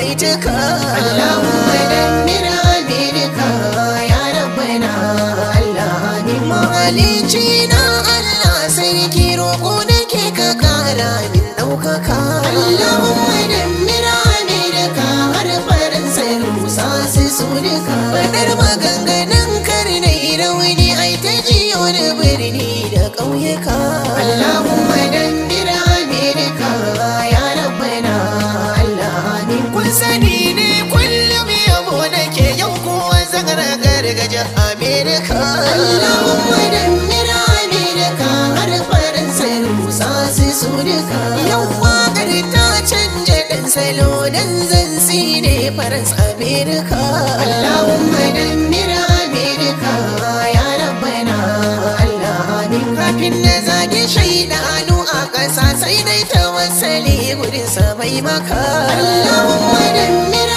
bai cika Allahumma dammira birka ya rabbana Allah ni mahalici na Allah sarki roƙo nake ka kara min ɗaukaka Allahumma dammira birka har farin sai su duka girgajen amerika allahumma dammir amerika har faransa za su su duka yau wakar ta canja dan salo dan zansi ne faransa amerika allahumma dammir amerika ya rabbana allah kafin na zage shaidanu a ƙasa sai dai tawassali gurin sa bai maka allahumma dammir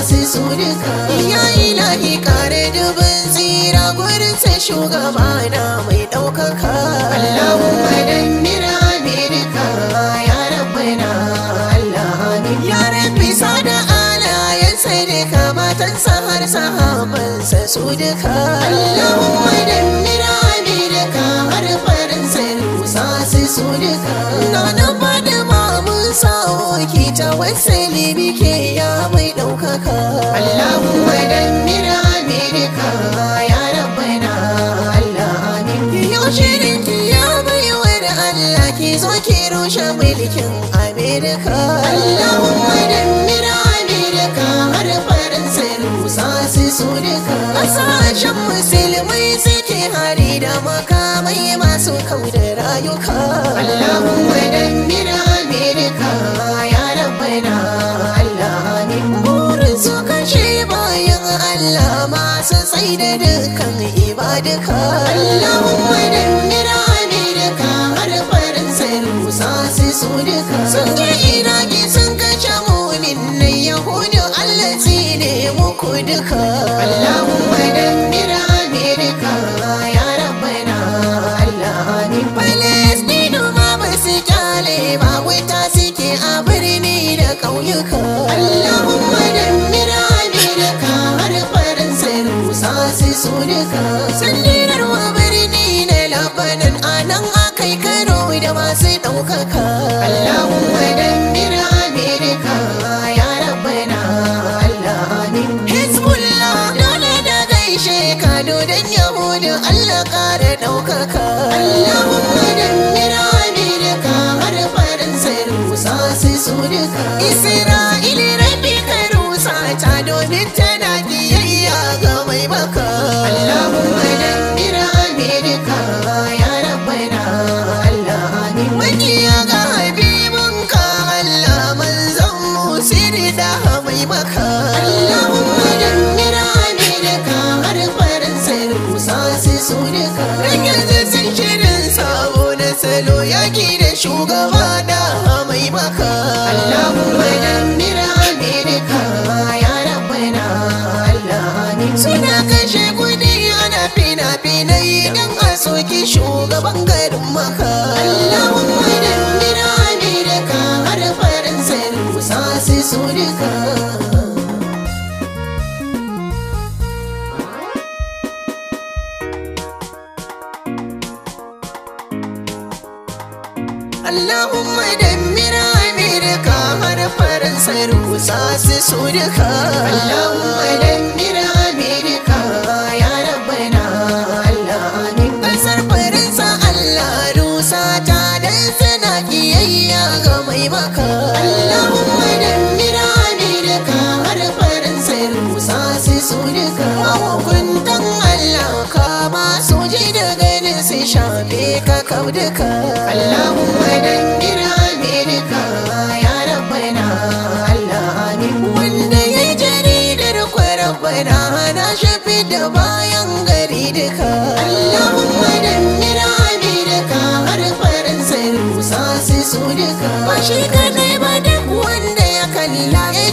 masu surika ya ilahi kare dubin tsira gurinsa shugabana mai ɗaukaka Allahumma dammir Amerika ya rabbana Allah amin ya rabbi sada alayansa da kamatansa har sahabansa su duka Allahumma dammir Amerika har farinsa rusa su duka sa'o'i ta wasali bike ya mai ɗaukaka. Allahumma dan mira Amerika ya rabbana Allah amin. Yau shirin ki ya baiwa da Allah ki zo ki rushe mulkin Amerika. Allah da dukkan ibadika Allah nan anan akai karo da masu ɗaukaka Allahumma dammir Amerika ya rabbana Allah amin Hezbollah dole da gaishe ka don Yahudu Allah ƙara ɗaukaka Allahumma dammir Amerika har faransa rusa su duka Isra alkhairi da mai maka Allahumma dammira Amerika har farin sai rusa sai su duka Ranyar zai shirin sabo na salo yaki da shugaba Allahumma dammir ka har Faransa rusa su surka Allahumma dammir Amerika ya rabbana Allah basar Kasar Faransa Allah rusa ta dan suna kiyayya ga mai maka Allahumma dammir Amerika har Faransa rusa su surka Hukuntan Allah ka ba su ji da ganin su shafe ka Allah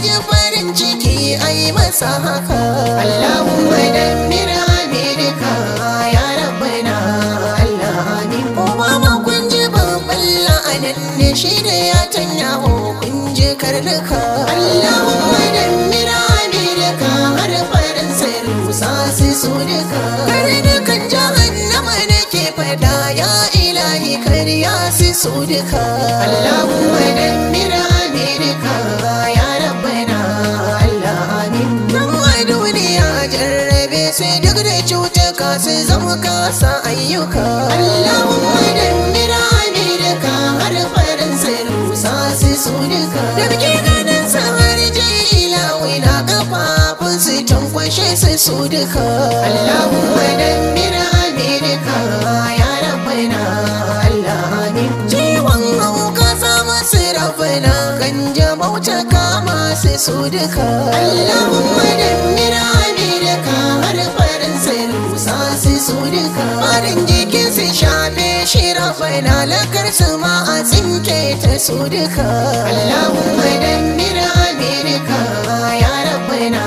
ji farin ciki ai masa haka Allahumma dammir Amerika ya rabbana Allah kuma ma kun ji babban la'anan ne shi da ya tanya kun ji karnuka Allahumma dammir Amerika har farin sai rusa su su duka Karnukan jahannama ne ke fada ya ilahi kariya su su duka Allahumma dammir su zama kasa ayyuka Allahumma dammira amirka har farin sai rusa su su duka da muke ganin samar jila wina kafafun su tankwashe su su duka Allahumma dammira amirka ya rabbana Allah amin ciwon hauka sama su rabbana kan jamauta kama su su duka Allahumma dammira amirka har su duka jikin su shafe shi rafai lalakar su ma a tsinke ta su Allahumma dammir Amerika ya rabbana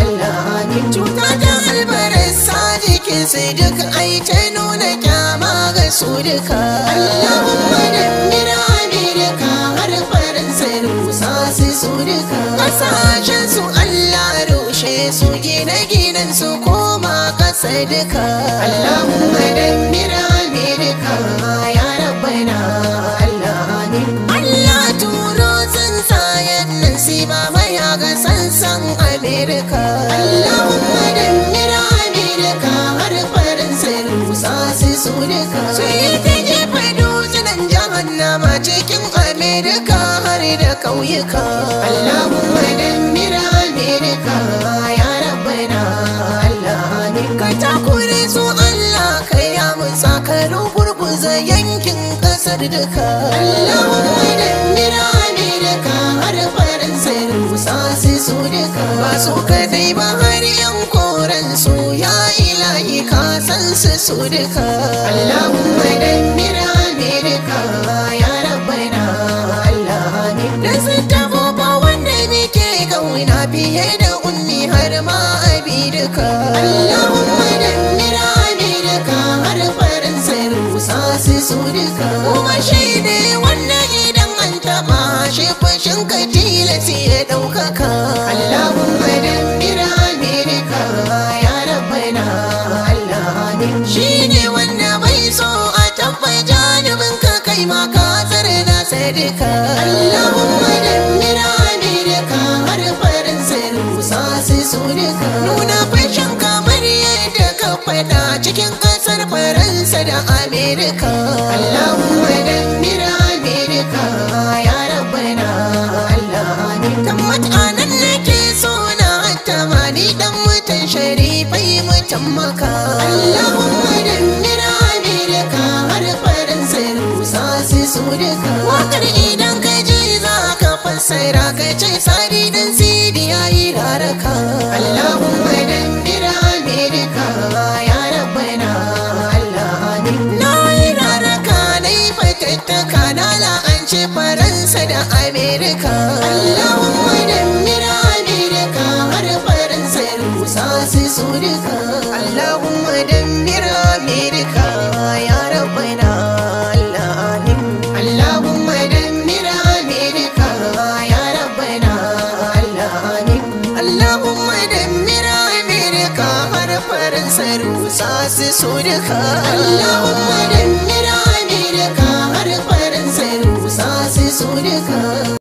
Allah amin cuta ta albarasa jikin su duk ai ta nuna kyama ga su duka Allahumma dammir Amerika har faransa rusa su su duka kasashen su Allah rushe su gine-ginen su ko sadaka Allahumma dammir Amerika ya rabbana Allah amin Allah turo tsuntsayen nan sai mamaya ga sansan Amerika Allahumma dammir Amerika har farin sai rusa su sunika sai ta jefa dutsen jahannama cikin Amerika har da kauyuka har duka Allahu dira ne ka har farin sai rusa sai su duka ba su kadai ba har yankoran su ya ilahi ka san su duka Allahu dira Karkashin ka tilasi ya ɗaukaka Allahumma dabbir Amerika ya rabbana Allah amin Shi ne wanda bai so a tabbai janibin ka kai ma ka tsare na sadika Allahumma dabbir Amerika har farin sai rusa sai surika Nuna fashin kamar yadda ka faɗa cikin ƙasar Faransa da Amerika faifai mutum maka Allahumma dammira har farin sai rusa su su duka Wakar idan ka za ka fassara ka ce dan sidi ya yi raraka Allahumma dammira Amerika ya rabbana Allah Na yi raraka na yi fatattaka na la'anci Faransa da Amerika Allah su duka Allahumma